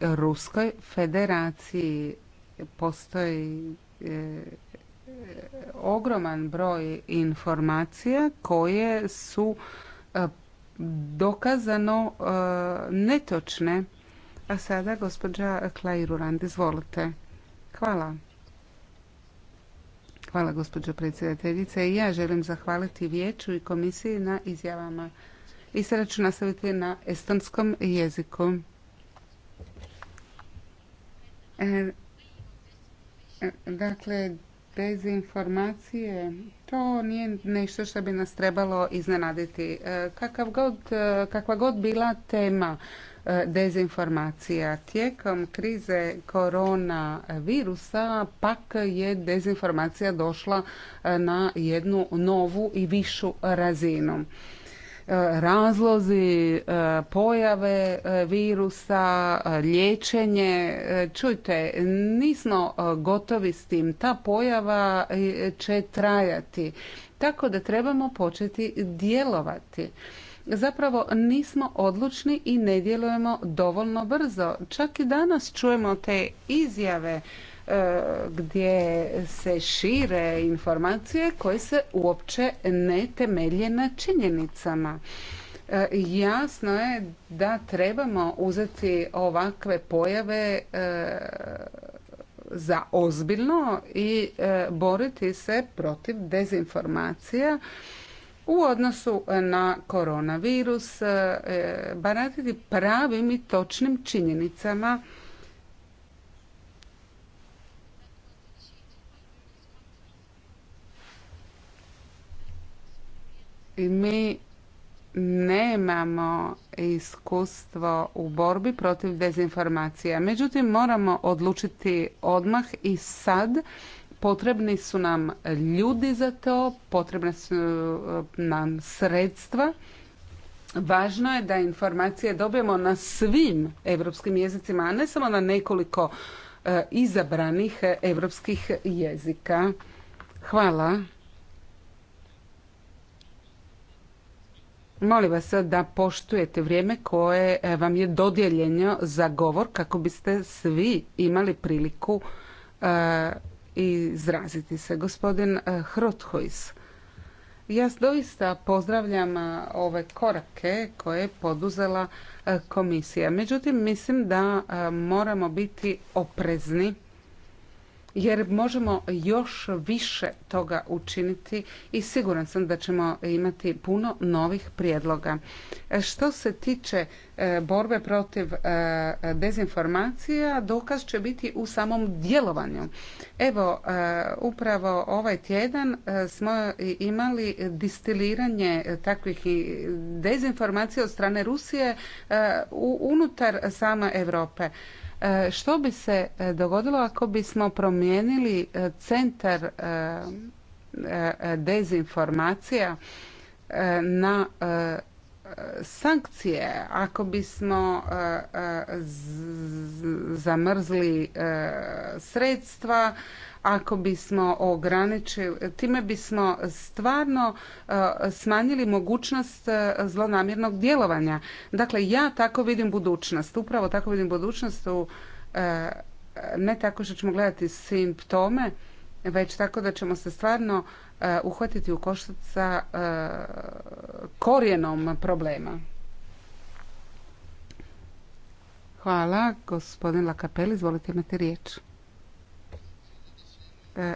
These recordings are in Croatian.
Ruskoj federaciji postoji e, ogroman broj informacija koje su e, dokazano e, netočne. A sada gospođa Rurand, izvolite. Hvala. Hvala gospođo predsjedateljice. I ja želim zahvaliti vijeću i komisiji na izjavama. I sada ću nastaviti na estonskom jeziku. E, e, dakle, dezinformacije, to nije nešto što bi nas trebalo iznenaditi. E, kakva god bila tema dezinformacija tijekom krize korona virusa, pak je dezinformacija došla na jednu novu i višu razinu. E, razlozi e, pojave e, virusa, liječenje. Čujte, nismo gotovi s tim. Ta pojava će trajati. Tako da trebamo početi djelovati zapravo nismo odlučni i ne djelujemo dovoljno brzo. Čak i danas čujemo te izjave E, gdje se šire informacije koje se uopće ne temelje na činjenicama. E, jasno je da trebamo uzeti ovakve pojave e, za ozbiljno i boriti se protiv dezinformacija u odnosu na koronavirus, baratiti pravim i točnim činjenicama mi nemamo iskustvo u borbi protiv dezinformacija. Međutim, moramo odlučiti odmah i sad. Potrebni su nam ljudi za to, potrebna su e, nam sredstva. Važno je da informacije dobijemo na svim europskim jezicima, a ne samo na nekoliko e, izabranih europskih jezika. Hvala. Molim vas da poštujete vrijeme koje e, vam je dodijeljeno za govor kako biste svi imali priliku e, izraziti se. Gospodin e, Hrothojs, ja doista pozdravljam ove korake koje je poduzela komisija. Međutim, mislim da moramo biti oprezni jer možemo još više toga učiniti i siguran sam da ćemo imati puno novih prijedloga. E, što se tiče e, borbe protiv e, dezinformacija, dokaz će biti u samom djelovanju. Evo, upravo ovaj tjedan smo imali distiliranje takvih dezinformacija od strane Rusije unutar same Europe. E, što bi se e, dogodilo ako bismo promijenili e, centar dezinformacija na sankcije ako bismo zamrzli sredstva ako bismo ograničili, time bismo stvarno e, smanjili mogućnost e, zlonamjernog djelovanja. Dakle, ja tako vidim budućnost, upravo tako vidim budućnost u e, ne tako što ćemo gledati simptome, već tako da ćemo se stvarno uhvatiti u koštac sa korijenom problema. Hvala. Gospodin Lakapel, izvolite imati riječ.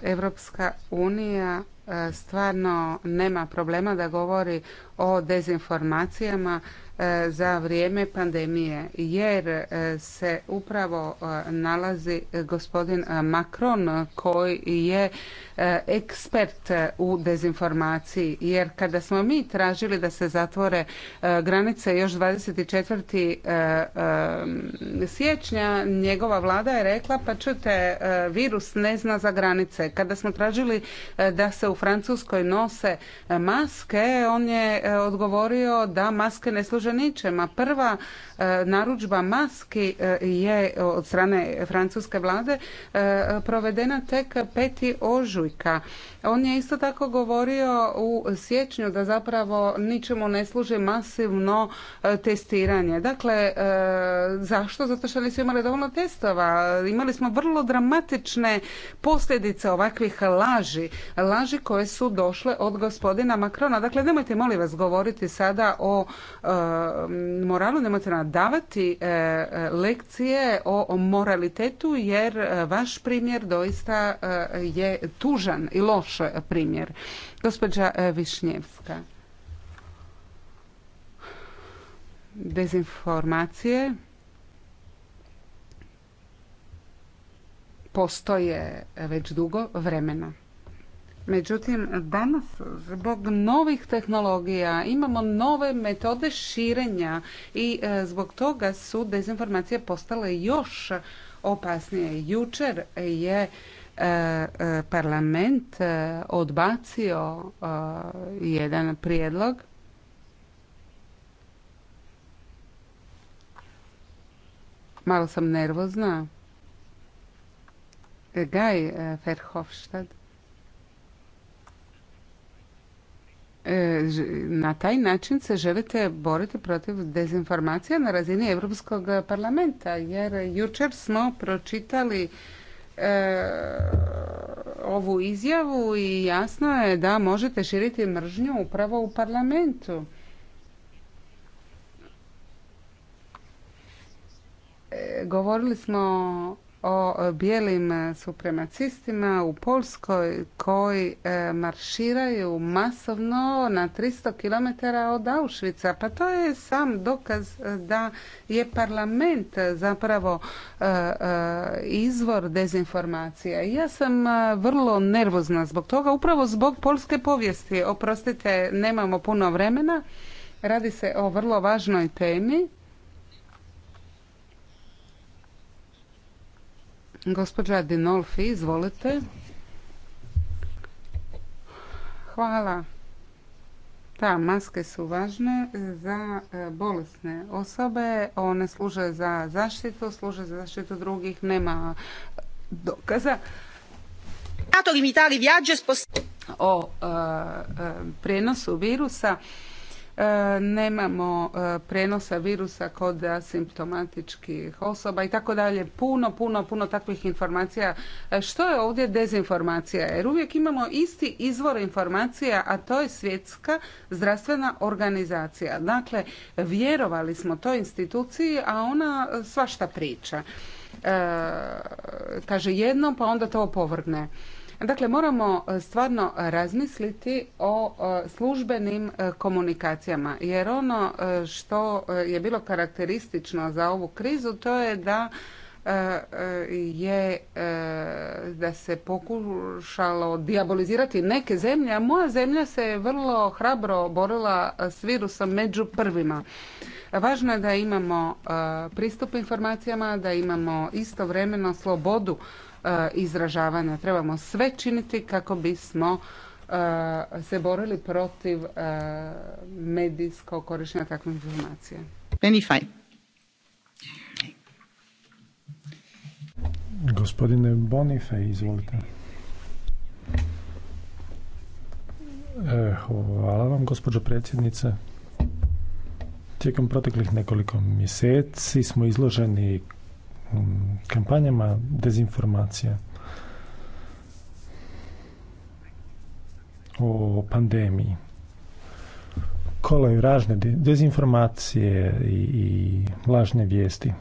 Evropska unija e, stvarno nema problema da govori o dezinformacijama E, za vrijeme pandemije jer e, se upravo e, nalazi gospodin Macron koji je ekspert u dezinformaciji jer kada smo mi tražili da se zatvore granice još 24. siječnja njegova vlada je rekla pa čujte virus ne zna za granice. Kada smo tražili da se u Francuskoj nose maske on je odgovorio da maske ne služe ničema. prva e, narudžba maski e, je od strane francuske vlade e, provedena tek 5. ožujka. On je isto tako govorio u siječnju da zapravo ničemu ne služi masivno testiranje. Dakle, zašto? Zato što nisu imali dovoljno testova. Imali smo vrlo dramatične posljedice ovakvih laži. Laži koje su došle od gospodina Makrona. Dakle, nemojte molim vas govoriti sada o Um, moralu nemojte nadavati davati e, e, lekcije o moralitetu jer e, vaš primjer doista je tužan i loš primjer. Gospođa Višnjevska. Dezinformacije postoje već dugo vremena. Međutim, danas zbog novih tehnologija imamo nove metode širenja i e, zbog toga su dezinformacije postale još opasnije. Jučer je e, e, parlament odbacio jedan prijedlog Malo sam nervozna. Gaj Ferhofstadt. E, na taj način se želite boriti protiv dezinformacija na razini Europskog parlamenta jer jučer smo pročitali e, ovu izjavu i jasno je da možete širiti mržnju upravo u parlamentu. E, govorili smo o bijelim supremacistima u Polskoj koji e, marširaju masovno na 300 km od Auschwitza. Pa to je sam dokaz e, da je parlament zapravo e, izvor dezinformacija. Ja sam vrlo nervozna zbog toga, upravo zbog polske povijesti. Oprostite, nemamo puno vremena. Radi se o vrlo važnoj temi Gospođa Dinolfi, izvolite. Hvala. Da, maske su važne za e, bolesne osobe. One služe za zaštitu, služe za zaštitu drugih. Nema dokaza e, o e, prijenosu virusa E, nemamo e, prenosa virusa kod asimptomatičkih osoba i tako dalje. Puno, puno, puno takvih informacija. E, što je ovdje dezinformacija? Jer uvijek imamo isti izvor informacija, a to je svjetska zdravstvena organizacija. Dakle, vjerovali smo toj instituciji, a ona svašta priča. kaže jedno, pa onda to opovrgne. Dakle, moramo e, stvarno razmisliti o e, službenim e, komunikacijama, jer ono što je bilo karakteristično za ovu krizu, to je da je da se pokušalo diabolizirati neke zemlje, a moja zemlja se vrlo hrabro borila s virusom među prvima. Važno je da imamo pristup informacijama, da imamo istovremeno slobodu E, izražavanja. Trebamo sve činiti kako bismo e, se borili protiv e, medijskog korištenja takve informacija. Gospodine Bonife izvolite. Hvala vam, gospođo predsjednice. Tijekom proteklih nekoliko mjeseci smo izloženi Um, kampanjama dezinformacija o pandemiji. Kolaju ražne dezinformacije i, lažne vijesti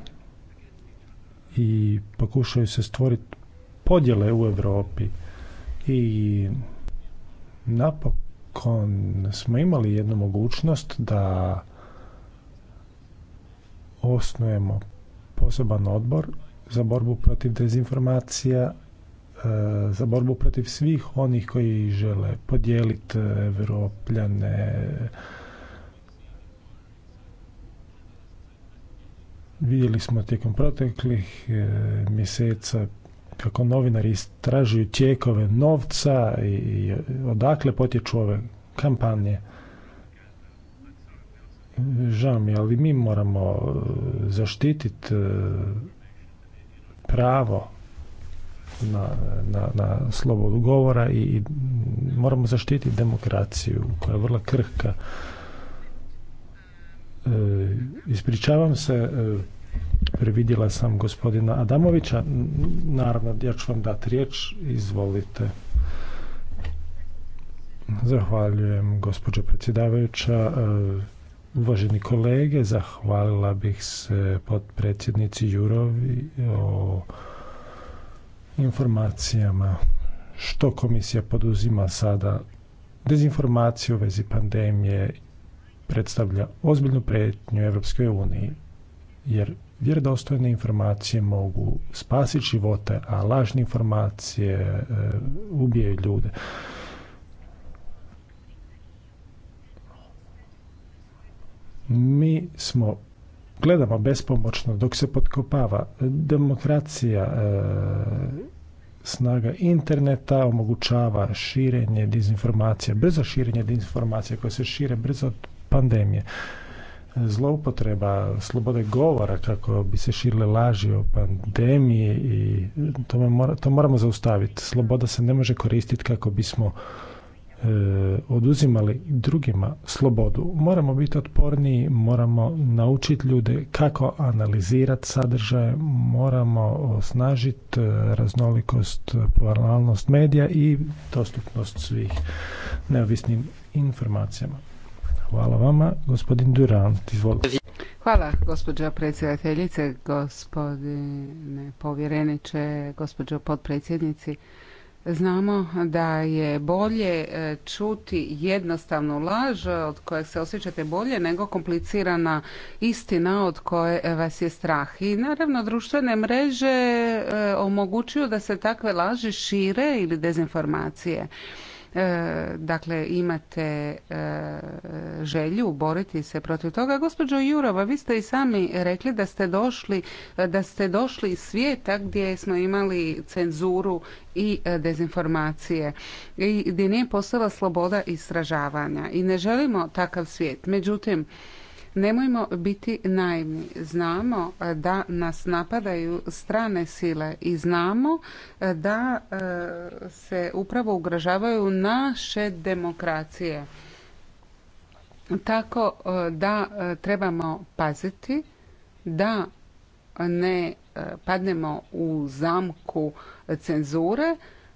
i pokušaju se stvoriti podjele u Europi i napokon smo imali jednu mogućnost da osnujemo poseban odbor za borbu protiv dezinformacija, e, za borbu protiv svih onih koji žele podijeliti e, Evropljane. Vidjeli smo tijekom proteklih e, mjeseca kako novinari istražuju tijekove novca i odakle potječu ove kampanje. Žao mi ali mi moramo e, zaštititi e, pravo na, na, na slobodu govora i, moramo zaštititi demokraciju koja je vrlo krhka. E, ispričavam se, e, previdjela sam gospodina Adamovića. Naravno, ja ću vam dati riječ. Izvolite. Zahvaljujem, gospođo predsjedavajuća. Uvaženi kolege, zahvalila bih se potpredsjednici Jurovi o informacijama što komisija poduzima sada. Dezinformacija u vezi pandemije predstavlja ozbiljnu prijetnju Europskoj uniji, jer vjerodostojne informacije mogu spasiti živote, a lažne informacije e, ubijaju ljude. Mi smo gledamo bespomoćno dok se potkopava demokracija e, snaga interneta omogućava širenje dezinformacija, brzo širenje dezinformacija koje se šire brzo od pandemije. Zloupotreba slobode govora kako bi se širile laži o pandemiji i to, to moramo zaustaviti. Sloboda se ne može koristiti kako bismo E, oduzimali drugima slobodu. Moramo biti otporniji, moramo naučiti ljude kako analizirati sadržaje, moramo osnažiti e, raznolikost, pluralnost medija i dostupnost svih neovisnim informacijama. Hvala vama, gospodin Durant, izvolite. Hvala, gospođo predsjedateljice, gospodine povjereniče, gospođo potpredsjednici. Znamo da je bolje e, čuti jednostavnu laž e, od koje se osjećate bolje nego komplicirana istina od koje e, vas je strah. I naravno društvene mreže omogućuju da se takve laži šire ili dezinformacije. E, dakle imate e, želju boriti se protiv toga. Gospođo Jurova, vi ste i sami rekli da ste došli, da ste došli iz svijeta gdje smo imali cenzuru i e, dezinformacije i gdje nije postojala sloboda istražavanja i ne želimo takav svijet. Međutim, Nemojmo biti naivni. Znamo e, da nas napadaju strane sile i znamo e, da e, se upravo ugrožavaju naše demokracije. Tako da trebamo paziti da ne padnemo u zamku cenzure,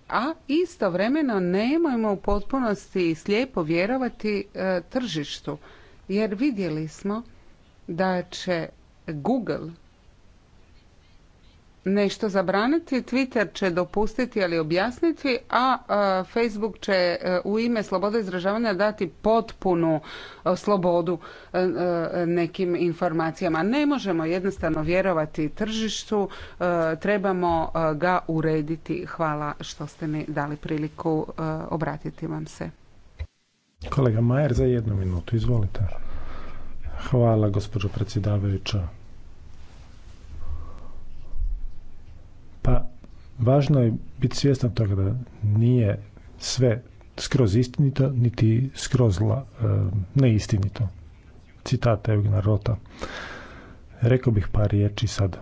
a istovremeno nemojmo u potpunosti slijepo vjerovati tržištu jer vidjeli smo da će Google nešto zabraniti, Twitter će dopustiti ali objasniti, a Facebook će e, u ime slobode izražavanja dati potpunu e, slobodu e, nekim informacijama. Ne možemo jednostavno vjerovati tržištu, trebamo ga urediti. Hvala što ste mi dali priliku obratiti vam se. Kolega Majer, za jednu minutu, izvolite. Hvala, gospođo predsjedavajuća. Pa, važno je biti svjestan toga da nije sve skroz istinito, niti skroz e, neistinito. Citata Eugena Rota. Rekao bih par riječi sad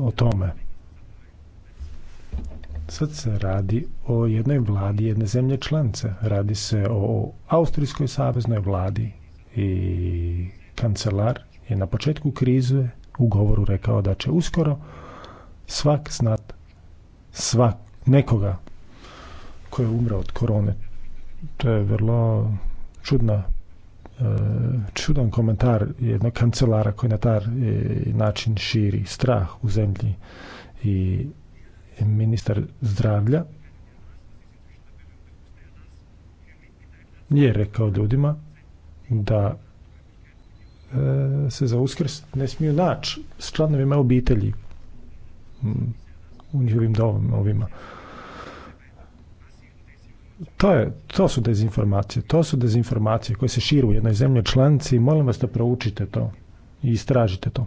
o tome. Sad se radi o jednoj vladi jedne zemlje članice. Radi se o Austrijskoj saveznoj vladi i kancelar je na početku krize u govoru rekao da će uskoro svak znat svak nekoga koji je umrao od korone. To je vrlo čudna e, čudan komentar jednog kancelara koji na taj e, način širi strah u zemlji i ministar zdravlja je rekao ljudima da e, se za uskrs ne smiju naći s članovima obitelji mm, u njihovim domovima. To, je, to su dezinformacije. To su dezinformacije koje se širu u jednoj zemlji članci i molim vas da proučite to i istražite to.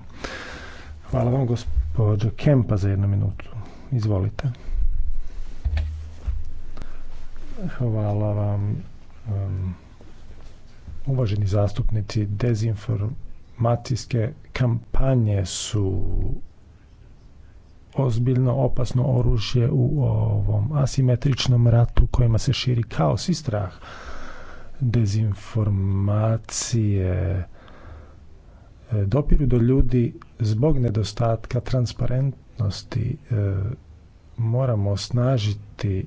Hvala vam gospođo Kempa za jednu minutu. Izvolite. Hvala vam. Um, uvaženi zastupnici, dezinformacijske kampanje su ozbiljno opasno oružje u ovom asimetričnom ratu kojima se širi kaos i strah. Dezinformacije e, dopiru do ljudi zbog nedostatka transparentnosti e, moramo snažiti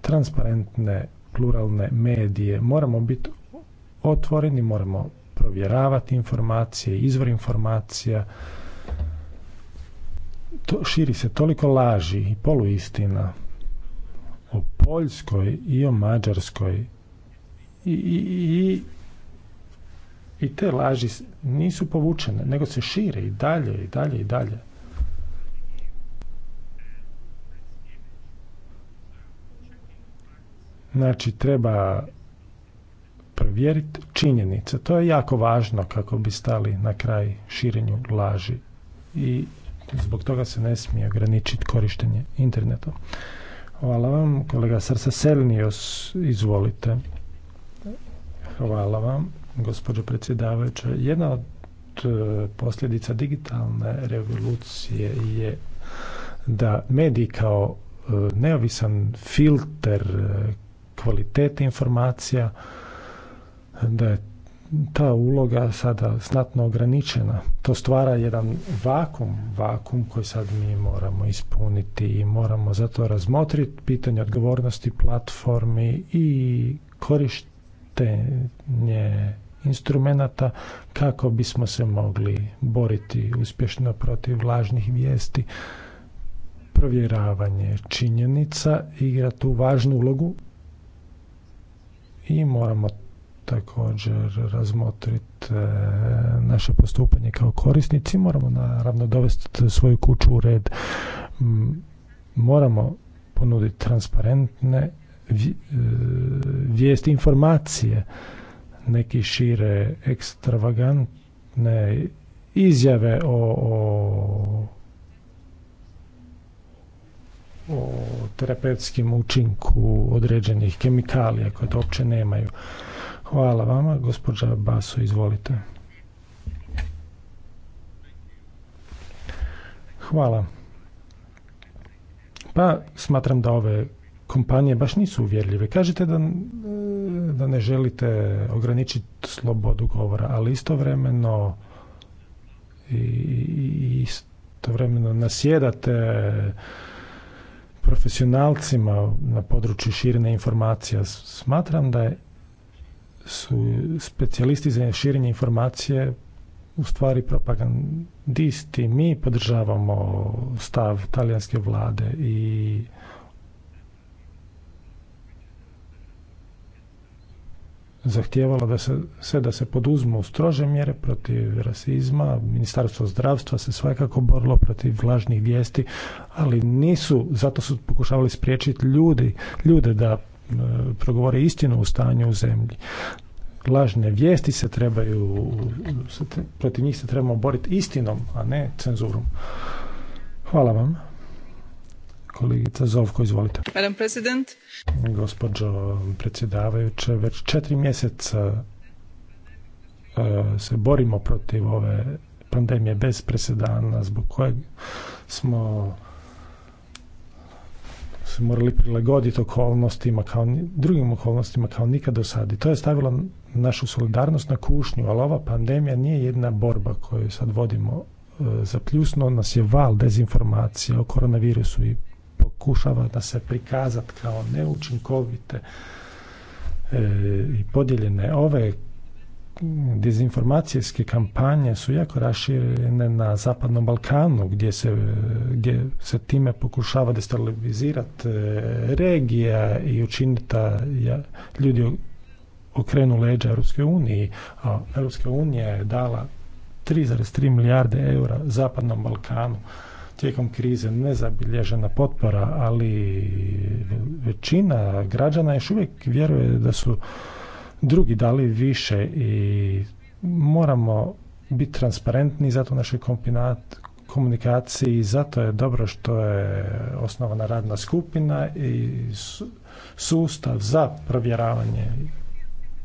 transparentne pluralne medije, moramo biti otvoreni, moramo provjeravati informacije, izvor informacija. To, širi se toliko laži i poluistina o Poljskoj i o Mađarskoj i, i i te laži nisu povučene, nego se šire i dalje i dalje i dalje. Znači, treba provjeriti činjenice. To je jako važno kako bi stali na kraj širenju laži. I zbog toga se ne smije ograničiti korištenje interneta. Hvala vam. Kolega Sarsa Selnios, izvolite. Hvala vam gospođo predsjedavajuća. Jedna od e, posljedica digitalne revolucije je da mediji kao e, neovisan filter e, kvalitete informacija, da je ta uloga sada znatno ograničena. To stvara jedan vakum, vakum koji sad mi moramo ispuniti i moramo zato razmotriti pitanje odgovornosti platformi i korištenje instrumenata kako bismo se mogli boriti uspješno protiv lažnih vijesti. Provjeravanje činjenica igra tu važnu ulogu i moramo također razmotriti e, naše postupanje kao korisnici. Moramo naravno dovesti svoju kuću u red. Moramo ponuditi transparentne e, vijesti, informacije neki šire ekstravagantne izjave o, o, o terapeutskim učinku određenih kemikalija koje to uopće nemaju. Hvala vama, gospođa Baso, izvolite. Hvala. Pa smatram da ove kompanije baš nisu uvjerljive. Kažete da, e, da ne želite ograničiti slobodu govora, ali istovremeno i istovremeno nasjedate profesionalcima na području širenja informacija. Smatram da su specijalisti za širenje informacije u stvari propagandisti. Mi podržavamo stav talijanske vlade i zahtijevalo da se, sve da se poduzmu strože mjere protiv rasizma. Ministarstvo zdravstva se svakako borilo protiv lažnih vijesti, ali nisu, zato su pokušavali spriječiti ljudi, ljude da e, progovore istinu u stanju u zemlji. Lažne vijesti se trebaju, se protiv njih se trebamo boriti istinom, a ne cenzurom. Hvala vam. Kolegica Zovko, izvolite. Madam President. Gospođo predsjedavajuće, već četiri mjeseca e, se borimo protiv ove pandemije bez presedana zbog kojeg smo se morali prilagoditi okolnostima kao drugim okolnostima kao nikad do sad. I to je stavilo našu solidarnost na kušnju, ali ova pandemija nije jedna borba koju sad vodimo. E, Zapljusno nas je val dezinformacije o koronavirusu i pokušava da se prikazati kao neučinkovite e, i podijeljene ove dezinformacijske kampanje su jako raširene na Zapadnom Balkanu gdje se, gdje se time pokušava destabilizirati e, regija i učiniti ja, ljudi okrenu leđa Europske unije, a Europska unija je dala 3,3 milijarde eura Zapadnom Balkanu tijekom krize nezabilježena potpora, ali većina građana još uvijek vjeruje da su drugi dali više i moramo biti transparentni zato u našoj komunikaciji i zato je dobro što je osnovana radna skupina i sustav za provjeravanje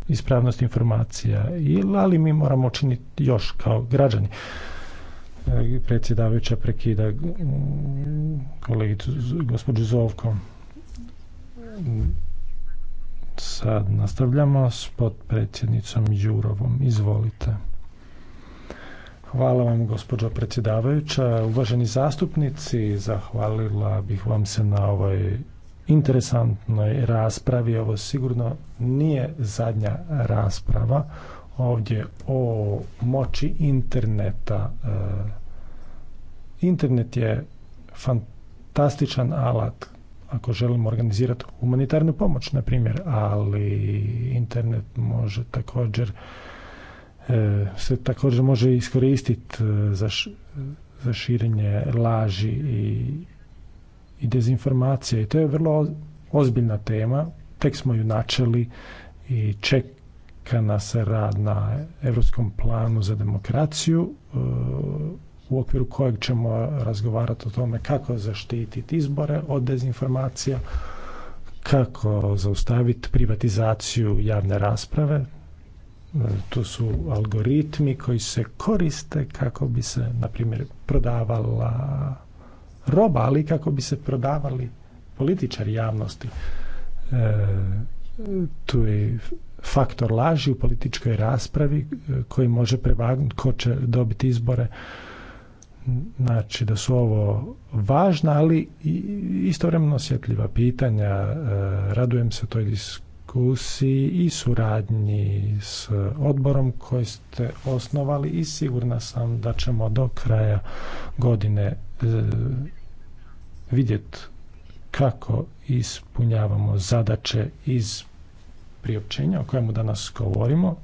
ispravnosti informacija, ali mi moramo činiti još kao građani. E, predsjedavajuća prekida kolegicu gospođu Zovko. Sad nastavljamo s potpredsjednicom Jurovom. Izvolite. Hvala vam, gospođo predsjedavajuća. Uvaženi zastupnici, zahvalila bih vam se na ovoj interesantnoj raspravi. Ovo sigurno nije zadnja rasprava ovdje o moći interneta. E, internet je fantastičan alat ako želimo organizirati humanitarnu pomoć, na primjer, ali internet može također e, se također može iskoristiti e, za, širenje laži i, i dezinformacije. I to je vrlo ozbiljna tema. Tek smo ju načeli i ček, kana nas rad na Europskom planu za demokraciju e, u okviru kojeg ćemo razgovarati o tome kako zaštititi izbore od dezinformacija, kako zaustaviti privatizaciju javne rasprave. E, to su algoritmi koji se koriste kako bi se, na primjer, prodavala roba, ali kako bi se prodavali političari javnosti. E, tu je faktor laži u političkoj raspravi e, koji može prevagnuti ko će dobiti izbore. Znači da su ovo važna, ali istovremeno osjetljiva pitanja. E, radujem se toj diskusiji i suradnji s odborom koji ste osnovali i sigurna sam da ćemo do kraja godine e, vidjeti kako ispunjavamo zadaće iz priopćenja o kojemu danas govorimo.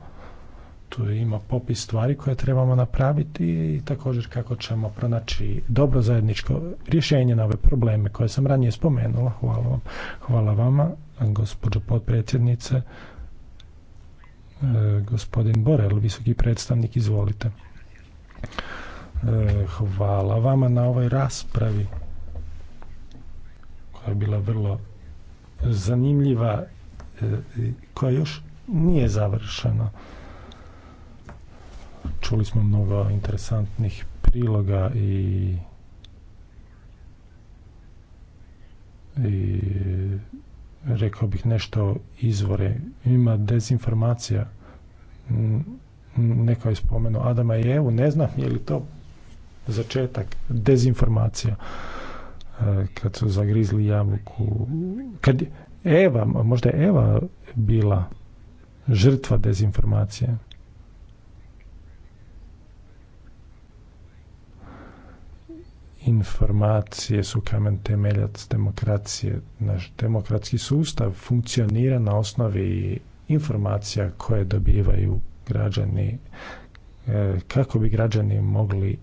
Tu ima popis stvari koje trebamo napraviti i također kako ćemo pronaći dobro zajedničko rješenje na ove probleme koje sam ranije spomenula. Hvala Hvala vama, gospođo potpredsjednice. E, gospodin Borel, visoki predstavnik, izvolite. E, hvala vama na ovoj raspravi koja je bila vrlo zanimljiva E, koja još nije završena. Čuli smo mnogo interesantnih priloga i i rekao bih nešto izvore. Ima dezinformacija. Neko je spomenuo Adama i Evu, ne znam je li to začetak dezinformacija e, kad su zagrizli jabuku. Kad, Eva, možda je Eva bila žrtva dezinformacije. Informacije su kamen temeljac demokracije. Naš demokratski sustav funkcionira na osnovi informacija koje dobivaju građani e, kako bi građani mogli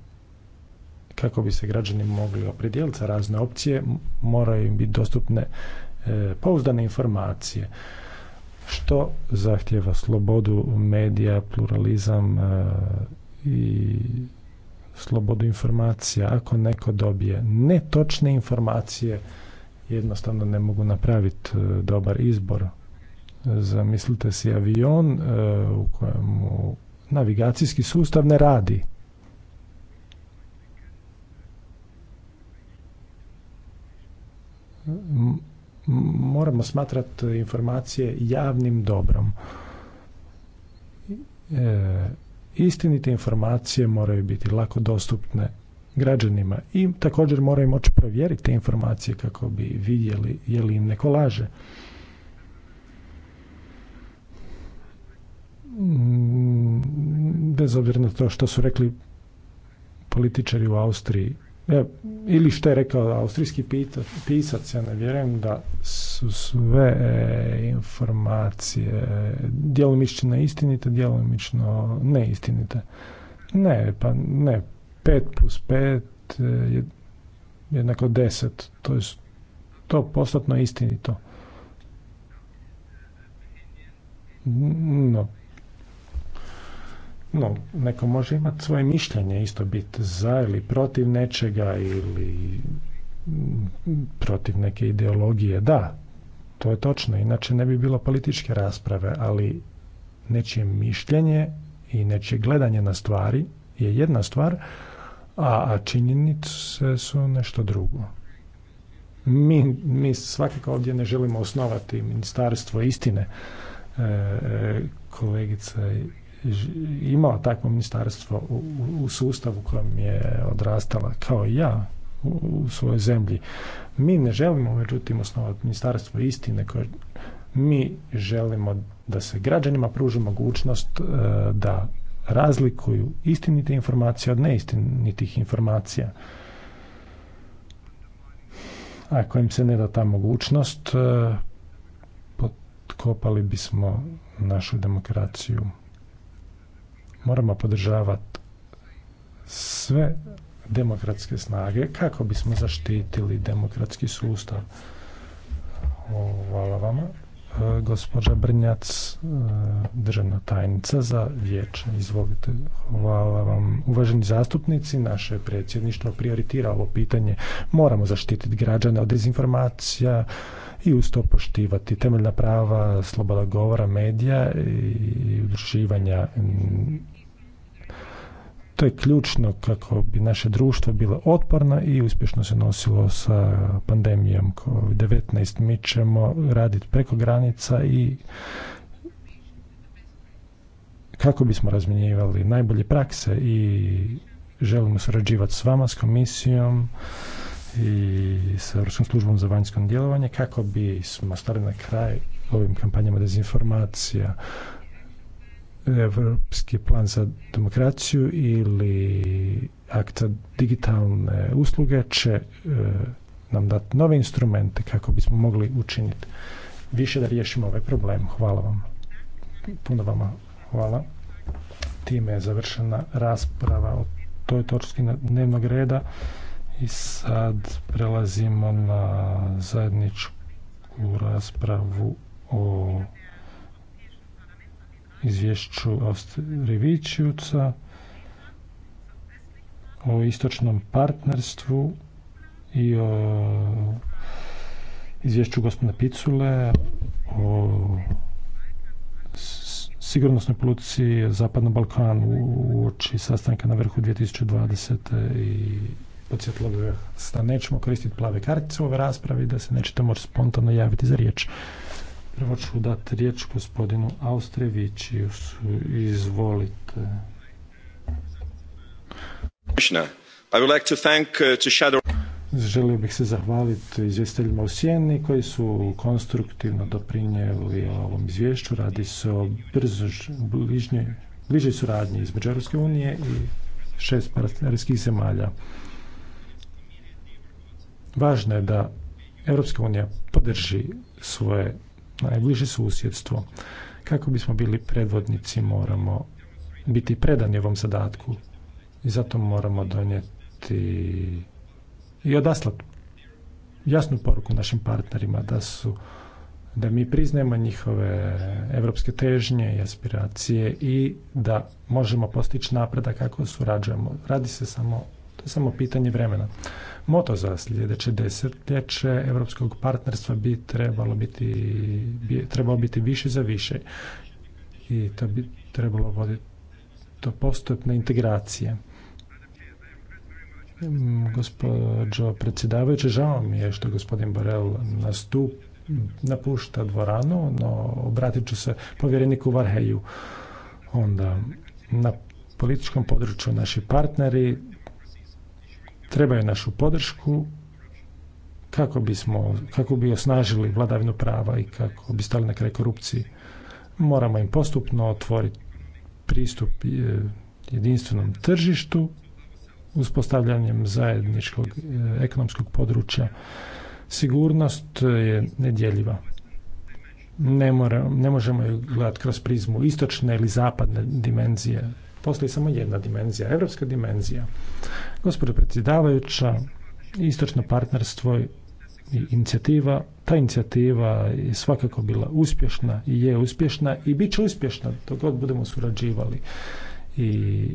kako bi se građani mogli opredijeliti za razne opcije moraju im biti dostupne E, pouzdane informacije što zahtjeva slobodu medija, pluralizam e, i slobodu informacija. Ako neko dobije netočne informacije, jednostavno ne mogu napraviti e, dobar izbor. Zamislite si avion u kojemu navigacijski sustav ne radi moramo smatrati informacije javnim dobrom. E, istinite informacije moraju biti lako dostupne građanima i također moraju moći provjeriti informacije kako bi vidjeli je li im neko laže. Mm, bez obzira na to što su rekli političari u Austriji, E, ili što je rekao austrijski pisac, ja ne vjerujem da su sve e, informacije djelomično istinite, djelomično neistinite. Ne, pa ne, 5 plus 5 e, je jednako 10, to je to postotno istinito. No, no, neko može imati svoje mišljenje, isto biti za ili protiv nečega ili protiv neke ideologije. Da, to je točno, inače ne bi bilo političke rasprave, ali nečije mišljenje i nečije gledanje na stvari je jedna stvar, a, činjenice su nešto drugo. Mi, mi svakako ovdje ne želimo osnovati ministarstvo istine. E, e kolegica imao takvo ministarstvo u, u sustavu kojem je odrastala kao i ja u, svojoj zemlji. Mi ne želimo međutim osnovati ministarstvo istine koje mi želimo da se građanima pruži mogućnost e, da razlikuju istinite informacije od neistinitih informacija. Ako im se ne da ta mogućnost, e, potkopali bismo našu demokraciju moramo podržavati sve demokratske snage kako bismo zaštitili demokratski sustav. Hvala vama. E, gospođa Brnjac, e, državna tajnica za vijeće. Izvolite. Hvala vam. Uvaženi zastupnici, naše predsjedništvo prioritira ovo pitanje. Moramo zaštititi građane od dezinformacija i uz to poštivati temeljna prava, sloboda govora, medija i udruživanja to je ključno kako bi naše društvo bilo otporno i uspješno se nosilo sa pandemijom COVID-19. Mi ćemo raditi preko granica i kako bismo razmjenjivali najbolje prakse i želimo surađivati s vama, s komisijom i s Europskom službom za vanjsko djelovanje kako bismo stali na kraj ovim kampanjama dezinformacija Evropski plan za demokraciju ili akta digitalne usluge će e, nam dati nove instrumente kako bismo mogli učiniti više da riješimo ovaj problem. Hvala vam. Puno vama hvala. Time je završena rasprava o toj točki dnevnog reda i sad prelazimo na zajedničku raspravu o izvješću Rivičijuca o istočnom partnerstvu i o izvješću gospodina Picule o sigurnosnoj policiji Zapadnom Balkanu u oči sastanka na vrhu 2020. i podsjetilo da nećemo koristiti plave kartice u ovoj raspravi, da se nećete moći spontano javiti za riječ. Prvo ću dati riječ gospodinu Austrijeviću. Izvolite. Uh, Želio bih se zahvaliti izvjestiteljima u Sjeni koji su konstruktivno doprinijeli ovom izvješću. Radi se o bližoj suradnji između Europske unije i šest partnerskih zemalja. Važno je da Europska unija podrži svoje najbliže susjedstvo. Kako bismo bili predvodnici, moramo biti predani ovom zadatku i zato moramo donijeti i odaslati jasnu poruku našim partnerima da su da mi priznajemo njihove evropske težnje i aspiracije i da možemo postići napredak ako surađujemo. Radi se samo je samo pitanje vremena. Moto za sljedeće desetljeće europskog partnerstva bi trebalo biti, bi, trebalo biti više za više i to bi trebalo voditi do postupne integracije. Gospodžo predsjedavajuće, žao mi je što gospodin Borel nastup napušta dvoranu, no obratit ću se povjereniku Varheju. Onda na političkom području naši partneri trebaju našu podršku kako bismo, kako bi osnažili vladavinu prava i kako bi stali na kraj korupciji. Moramo im postupno otvoriti pristup e, jedinstvenom tržištu, uspostavljanjem zajedničkog e, ekonomskog područja. Sigurnost e, je nedjeljiva. Ne, ne možemo ju gledati kroz prizmu istočne ili zapadne dimenzije. Postoji samo jedna dimenzija, europska dimenzija. Gospođo predsjedavajuća, istočno partnerstvo i inicijativa, ta inicijativa je svakako bila uspješna i je uspješna i bit će uspješna dok god budemo surađivali i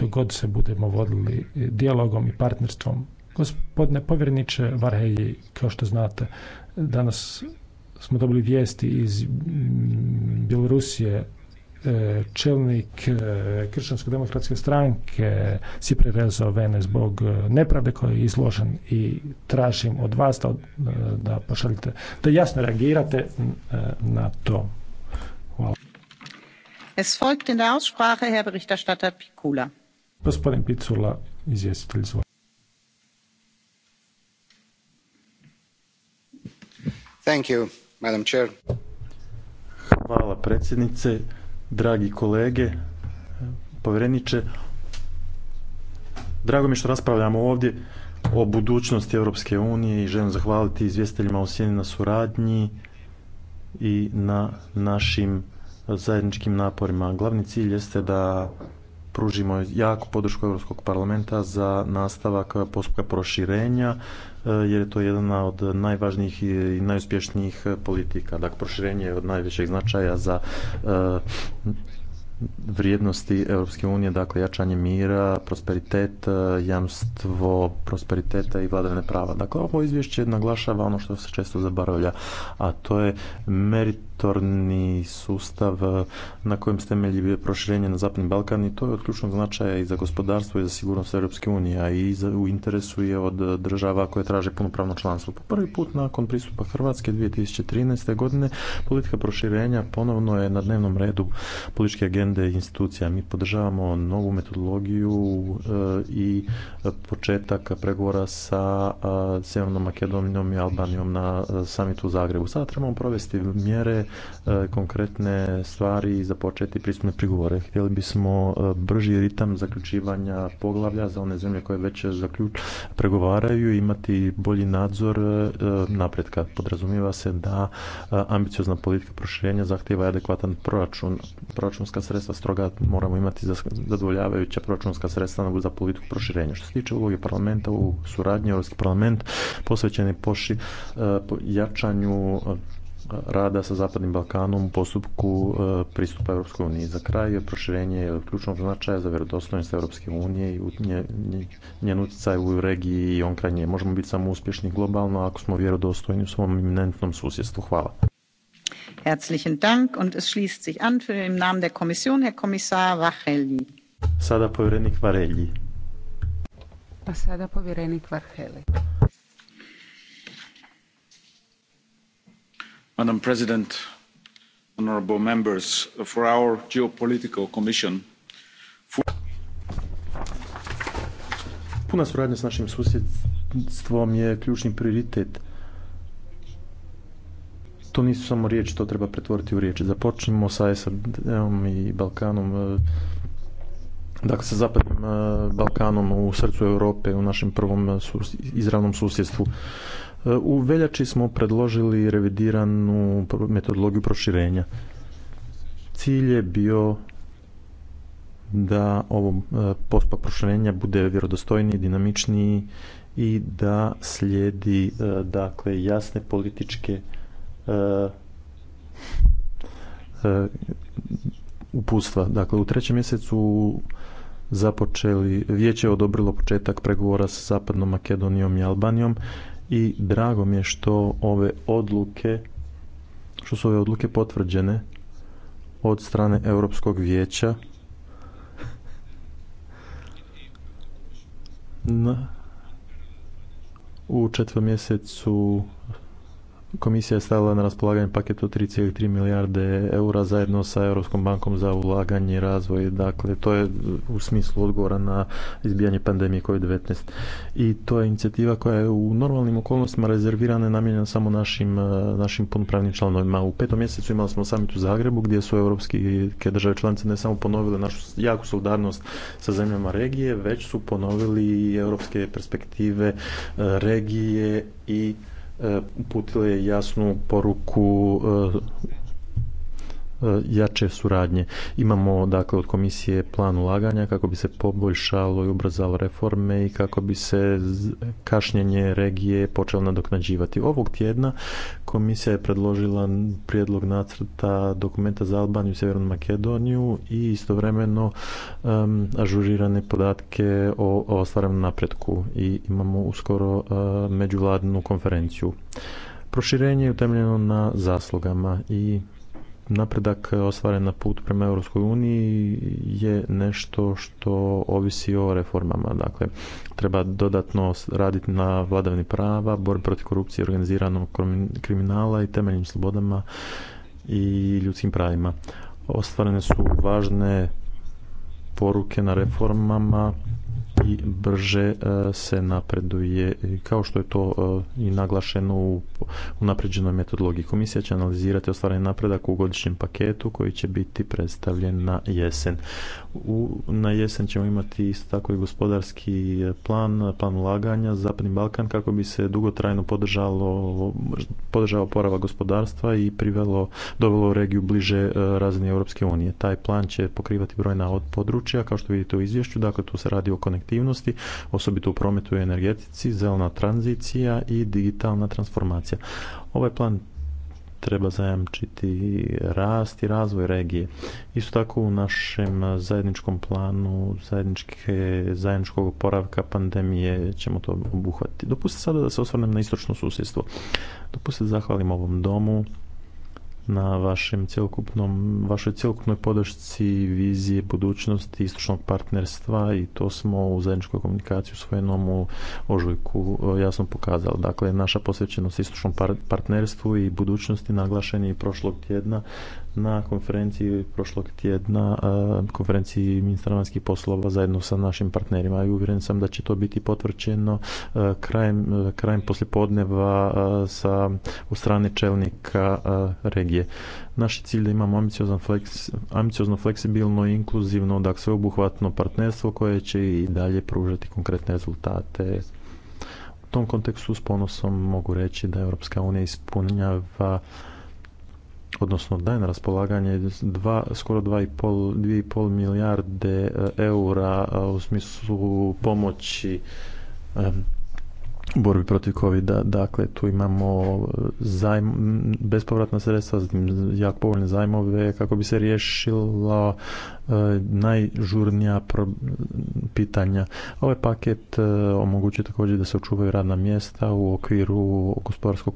dok god se budemo vodili dijalogom i partnerstvom. Gospodine povjerniče Varheji, kao što znate, danas smo dobili vijesti iz Bjelorusije E, čelnik e, kršćansko-demokratske stranke si prerezao vene zbog e, nepravde koji je izložen i tražim od vas da, da da jasno reagirate na to. Hvala. Es folgt in der Aussprache Herr Berichterstatter Pikula. Gospodin Picula, izvjestitelj zvoj. Thank you, Madam Chair. Hvala predsjednice dragi kolege, povjereniče. Drago mi što raspravljamo ovdje o budućnosti Europske unije i želim zahvaliti izvjestiteljima u sjeni na suradnji i na našim zajedničkim naporima. Glavni cilj jeste da pružimo jaku podršku Europskog parlamenta za nastavak postupka proširenja, e, jer je to jedna od najvažnijih i najuspješnijih politika. Dakle, proširenje je od najvećeg značaja za e, vrijednosti Europske unije, dakle jačanje mira, prosperitet, e, jamstvo prosperiteta i vladavine prava. Dakle, ovo izvješće naglašava ono što se često zaboravlja, a to je merit monitorni sustav eh, na kojem se temelji proširenje na Zapadni Balkan i to je od ključnog značaja i za gospodarstvo i za sigurnost Europske unije, a i u interesu je od država koje traže punopravno članstvo. Po prvi put nakon pristupa Hrvatske 2013. godine politika proširenja ponovno je na dnevnom redu političke agende i institucija. Mi podržavamo novu metodologiju eh, i početak pregovora sa eh, Sjevernom Makedonijom i Albanijom na samitu u Zagrebu. Sada trebamo provesti mjere E, konkretne stvari i započeti pristupne prigovore. Htjeli bismo e, brži ritam zaključivanja poglavlja za one zemlje koje već zaključ, pregovaraju i imati bolji nadzor e, napretka. Podrazumijeva se da ambiciozna politika proširenja zahtjeva adekvatan proračun. Proračunska sredstva stroga moramo imati zadovoljavajuća proračunska sredstva za politiku proširenja. Što se tiče uloge parlamenta u suradnji, Europski parlament posvećen je jačanju rada sa Zapadnim Balkanom u postupku e, pristupa Europskoj uniji. Za kraj proširenje je od ključnog značaja za vjerodostojnost Europske unije i njen utjecaj u regiji i on krajnje Možemo biti samo uspješni globalno ako smo vjerodostojni u svom iminentnom susjedstvu. Hvala. Herzlichen Dank und es schließt sich an für im Namen der Kommission Herr Kommissar Sada povjerenik Varelji. Pa sada povjerenik madam president honourable members for our geopolitical commission Puna suradnja s našim susjedstvom je ključni prioritet. To nisu samo riječi, to treba pretvoriti u riječi. Započnimo sa sad i Balkanom, dakle sa Zapadnim eh, Balkanom u srcu Europe, u našem prvom izravnom susjedstvu. U veljači smo predložili revidiranu metodologiju proširenja. Cilj je bio da ovo e, postupak proširenja bude vjerodostojniji, dinamičniji i da slijedi e, dakle jasne političke e, upustva. Dakle, u trećem mjesecu započeli, vijeće je odobrilo početak pregovora sa Zapadnom Makedonijom i Albanijom i drago mi je što ove odluke što su ove odluke potvrđene od strane Europskog vijeća u četvrtom mjesecu Komisija je stavila na raspolaganje paket od 3,3 milijarde eura zajedno sa Europskom bankom za ulaganje i razvoj. Dakle, to je u smislu odgovora na izbijanje pandemije COVID-19. I to je inicijativa koja je u normalnim okolnostima rezervirana i namijenjena samo našim, e, našim punopravnim članovima. U petom mjesecu imali smo summit u Zagrebu gdje su europske države članice ne samo ponovile našu jaku solidarnost sa zemljama regije, već su ponovili i europske perspektive e, regije i je jasnu poruku e, E, jače suradnje. Imamo dakle od komisije plan ulaganja kako bi se poboljšalo i ubrzalo reforme i kako bi se kašnjenje regije počelo nadoknađivati. Ovog tjedna komisija je predložila prijedlog nacrta dokumenta za Albaniju i Sjevernu Makedoniju i istovremeno ažurirane podatke o, o ostvarenom napretku i imamo uskoro uh, međuvladnu konferenciju. Proširenje je utemljeno na zaslugama i napredak eh, ostvaren na put prema Europskoj uniji je nešto što ovisi o reformama. Dakle, treba dodatno raditi na vladavini prava, borbi protiv korupcije, organiziranog kriminala i temeljnim slobodama i ljudskim pravima. Ostvarene su važne poruke na reformama i brže e, se napreduje, e, kao što je to e, i naglašeno u napređenoj metodologiji. Komisija će analizirati ostvaren napredak u godišnjem paketu koji će biti predstavljen na jesen. na jesen ćemo imati isto tako i gospodarski plan, plan ulaganja za Zapadni Balkan kako bi se dugotrajno podržalo, podržao porava gospodarstva i privelo, dovelo regiju bliže razini Europske unije. Taj plan će pokrivati brojna od područja, kao što vidite u izvješću, dakle tu se radi o konektivnosti aktivnosti, osobito u prometu i energetici, zelena tranzicija i digitalna transformacija. Ovaj plan treba zajamčiti rast i razvoj regije. Isto tako u našem zajedničkom planu zajedničkog oporavka pandemije ćemo to obuhvatiti. Dopustite sada da se osvrnem na istočno susjedstvo. Dopustite zahvalim ovom domu na vašem cjelokupnom, vašoj cjelokupnoj podršci vizije budućnosti istočnog partnerstva i to smo u zajedničkoj komunikaciji usvojenom u ožujku e, jasno pokazali. Dakle, naša posvećenost istočnom partnerstvu i budućnosti naglašen je prošlog tjedna na konferenciji prošlog tjedna, e, konferenciji ministra vanjskih poslova zajedno sa našim partnerima i uvjeren sam da će to biti potvrđeno e, krajem, krajem poslijepodneva sa, u strane čelnika regije Naši Naš cilj da imamo ambiciozno, fleksibilno i inkluzivno, dakle sveobuhvatno partnerstvo koje će i dalje pružati konkretne rezultate. U tom kontekstu s ponosom mogu reći da Europska unija ispunjava odnosno daje na raspolaganje dva, skoro 2,5 milijarde e, eura u smislu pomoći borbi protiv covid -a. Dakle, tu imamo e, zajm, bespovratna sredstva, zatim povoljne zajmove kako bi se riješila e, najžurnija pitanja. Ovaj paket e, omogućuje također da se očuvaju radna mjesta u okviru gospodarskog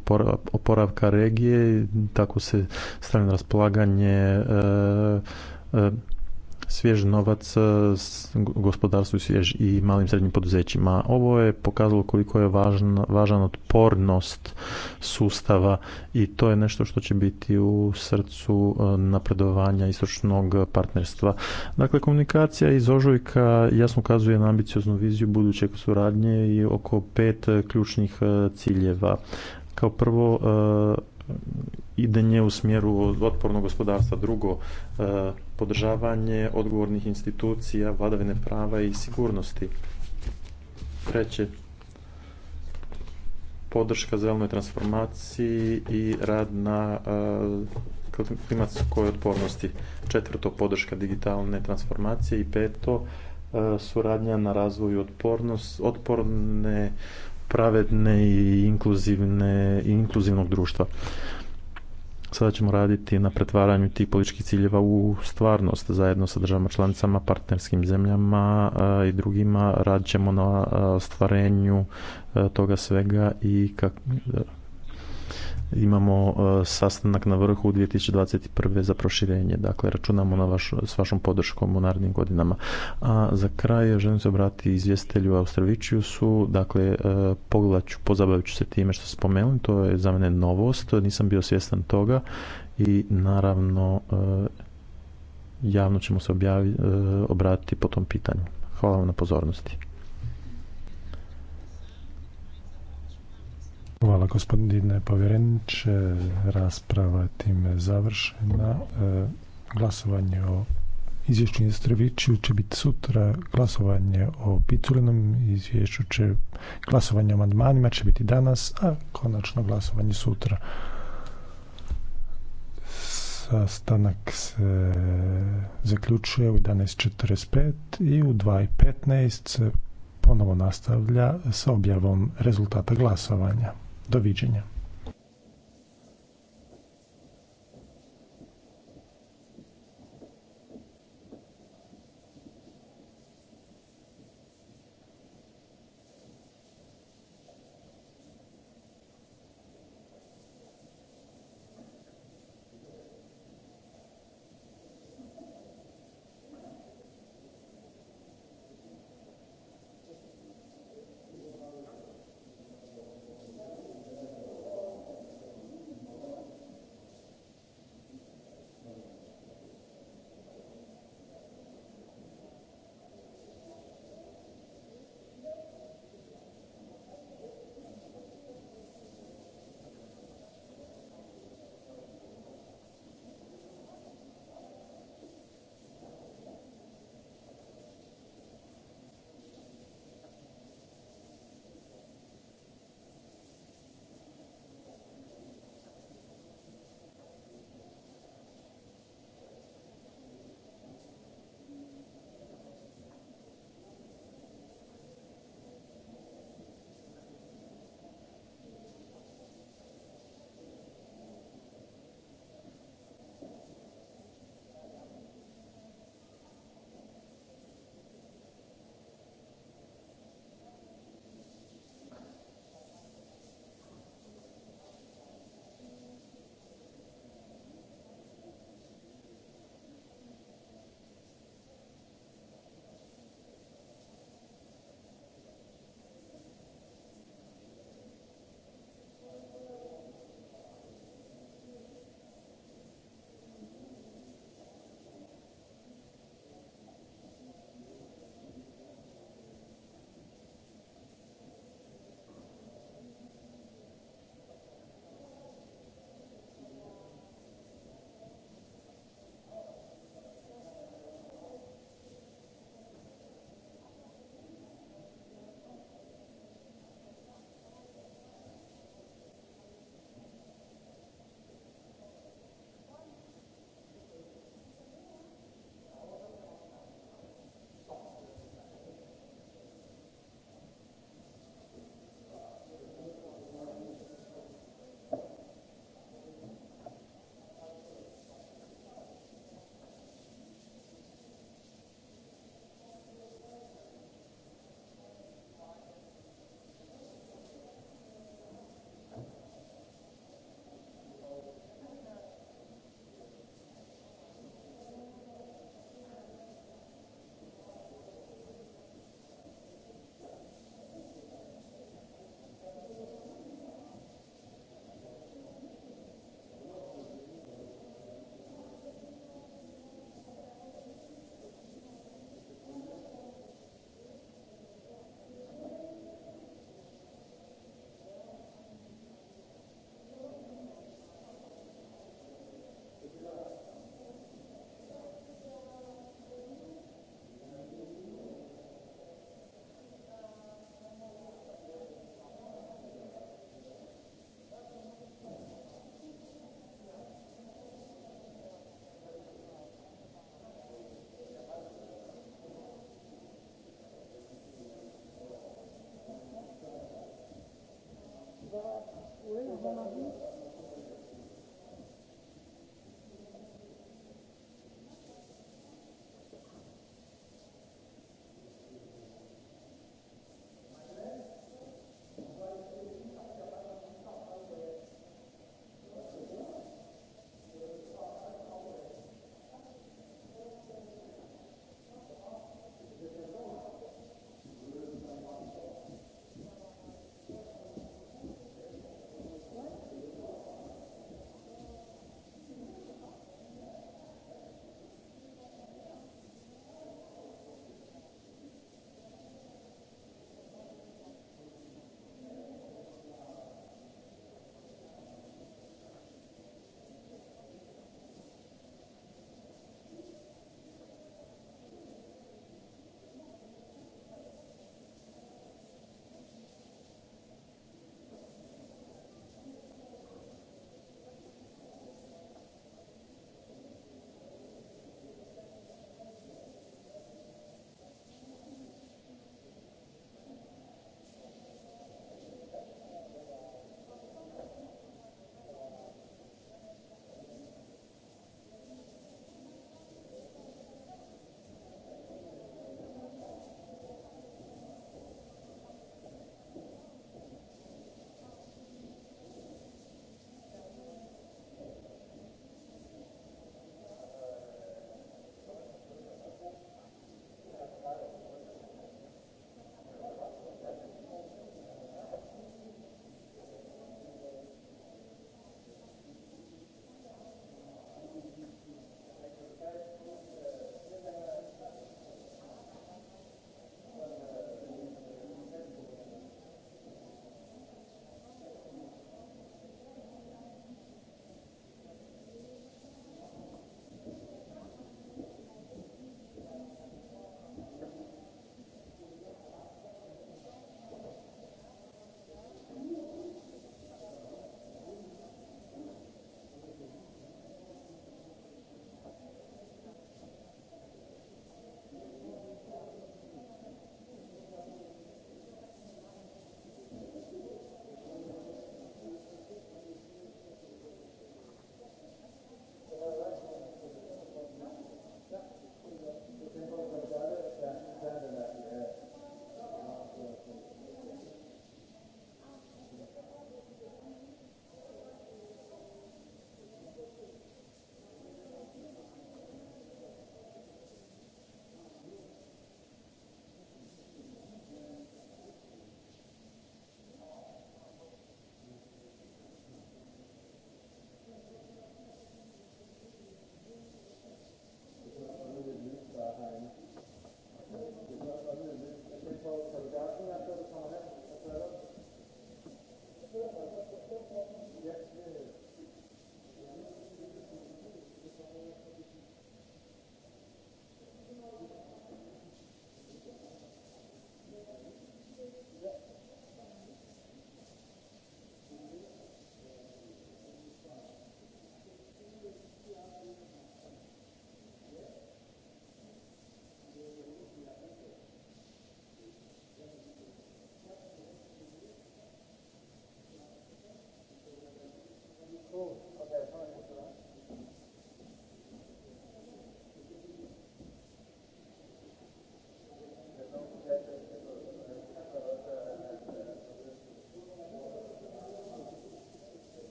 oporavka regije, tako se stavlja na raspolaganje svjež novac e, gospodarstvu svjež i malim srednjim poduzećima. Ovo je pokazalo koliko je važan otpornost sustava i to je nešto što će biti u srcu e, napredovanja istočnog partnerstva. Dakle, komunikacija iz Ožujka jasno ukazuje na ambicioznu viziju budućeg suradnje i oko pet ključnih e, ciljeva. Kao prvo, idenje u smjeru otpornog gospodarstva. Drugo, e, podržavanje odgovornih institucija, vladavine prava i sigurnosti. Treće, podrška zelenoj transformaciji i rad na e, klimatskoj otpornosti. Četvrto, podrška digitalne transformacije i peto, e, suradnja na razvoju otpornost, otporne pravedne i inkluzivne, inkluzivnog društva. Sada ćemo raditi na pretvaranju tih političkih ciljeva u stvarnost zajedno sa državama članicama, partnerskim zemljama i drugima. Radit ćemo na ostvarenju toga svega i kak, imamo e, sastanak na vrhu 2021. za proširenje. Dakle, računamo na s vašom podrškom u narednim godinama. A za kraj želim se obratiti izvjestitelju Austrovićiju su, dakle, e, pogledat ću, pozabavit ću se time što spomenuli, to je za mene novost, nisam bio svjestan toga i naravno e, javno ćemo se objavi, obratiti po tom pitanju. Hvala vam na pozornosti. Hvala gospodine povjereniče. Rasprava time završena. E, glasovanje o izvješću istreviću će biti sutra. Glasovanje o Piculinom izvješću će glasovanje o amandmanima će biti danas, a konačno glasovanje sutra. Sastanak se zaključuje u 11.45 i u 2.15 se ponovo nastavlja sa objavom rezultata glasovanja. Doviđenja. Bon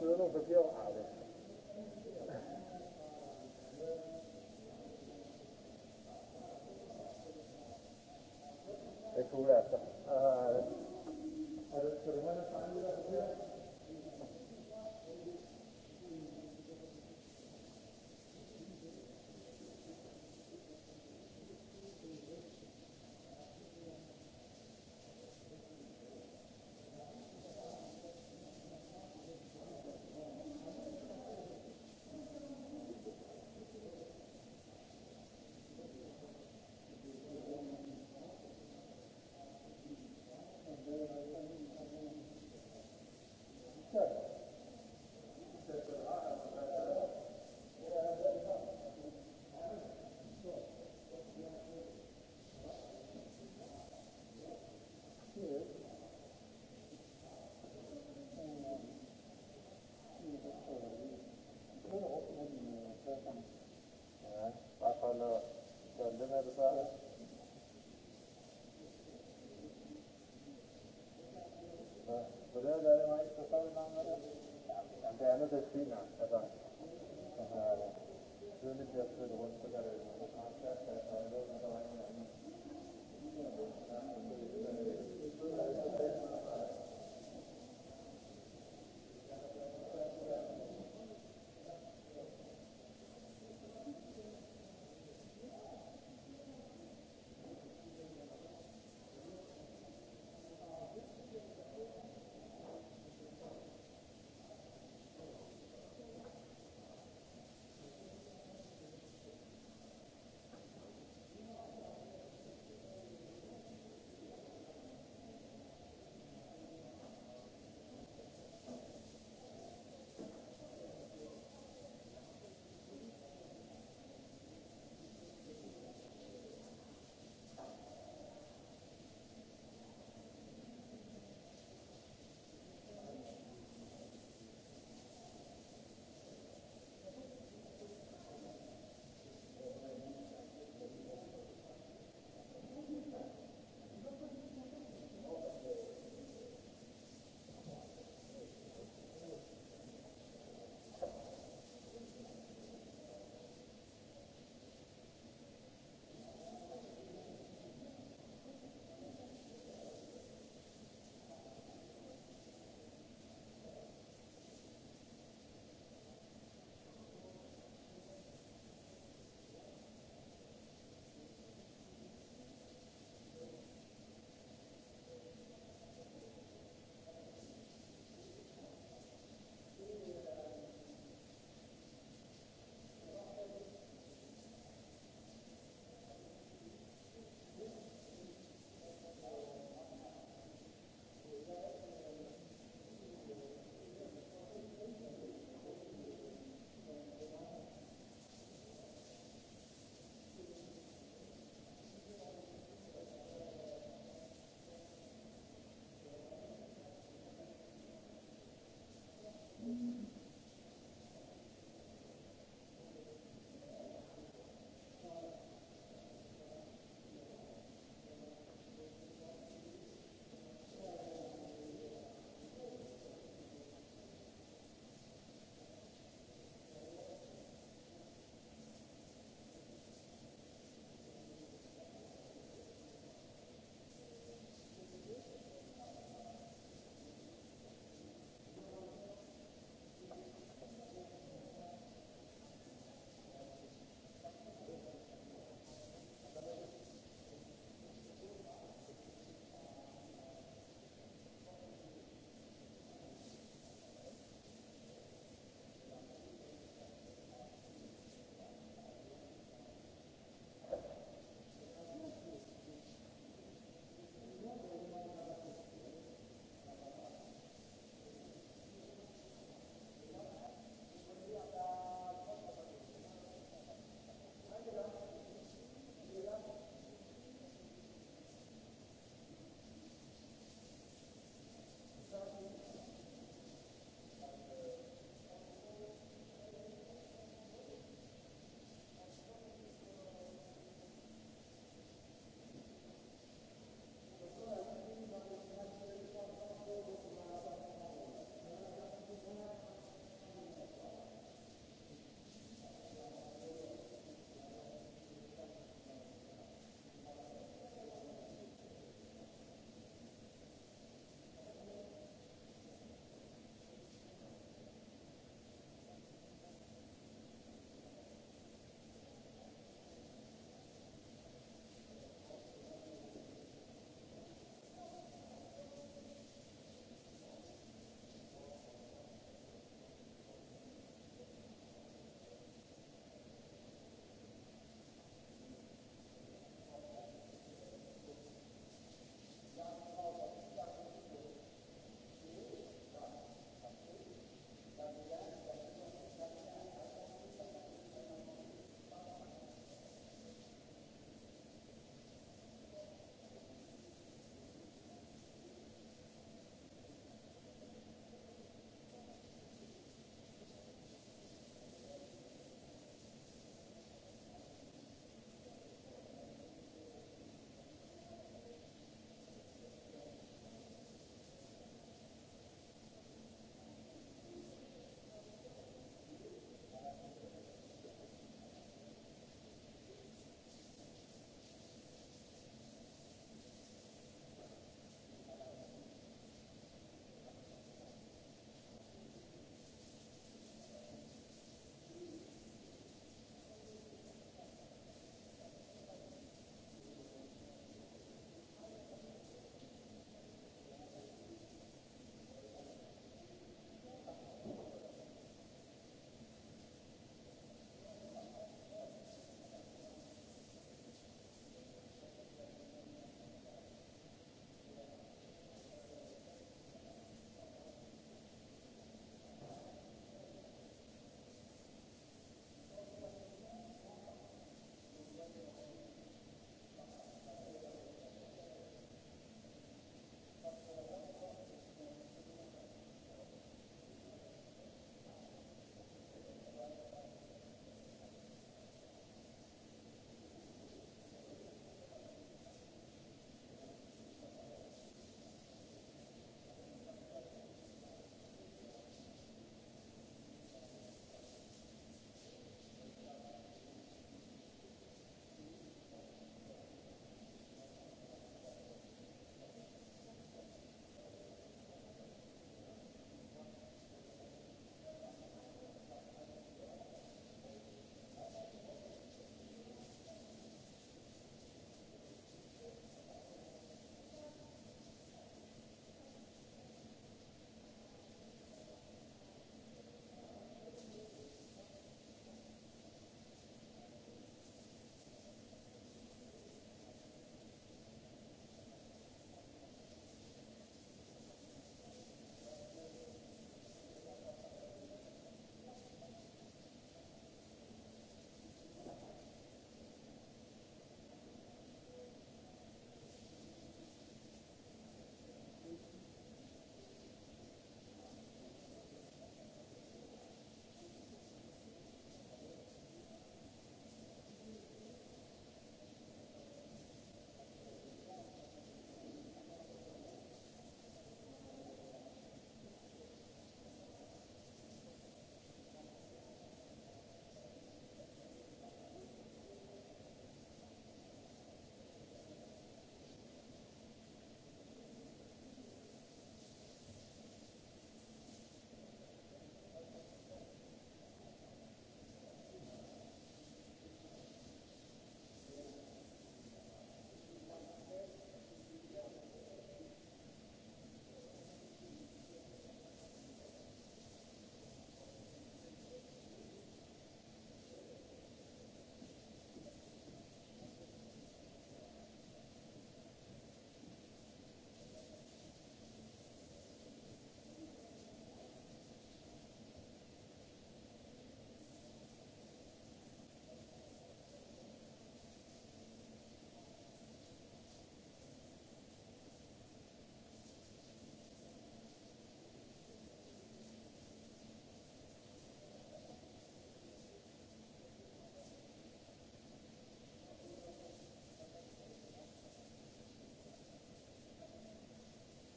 to je ono dödare da je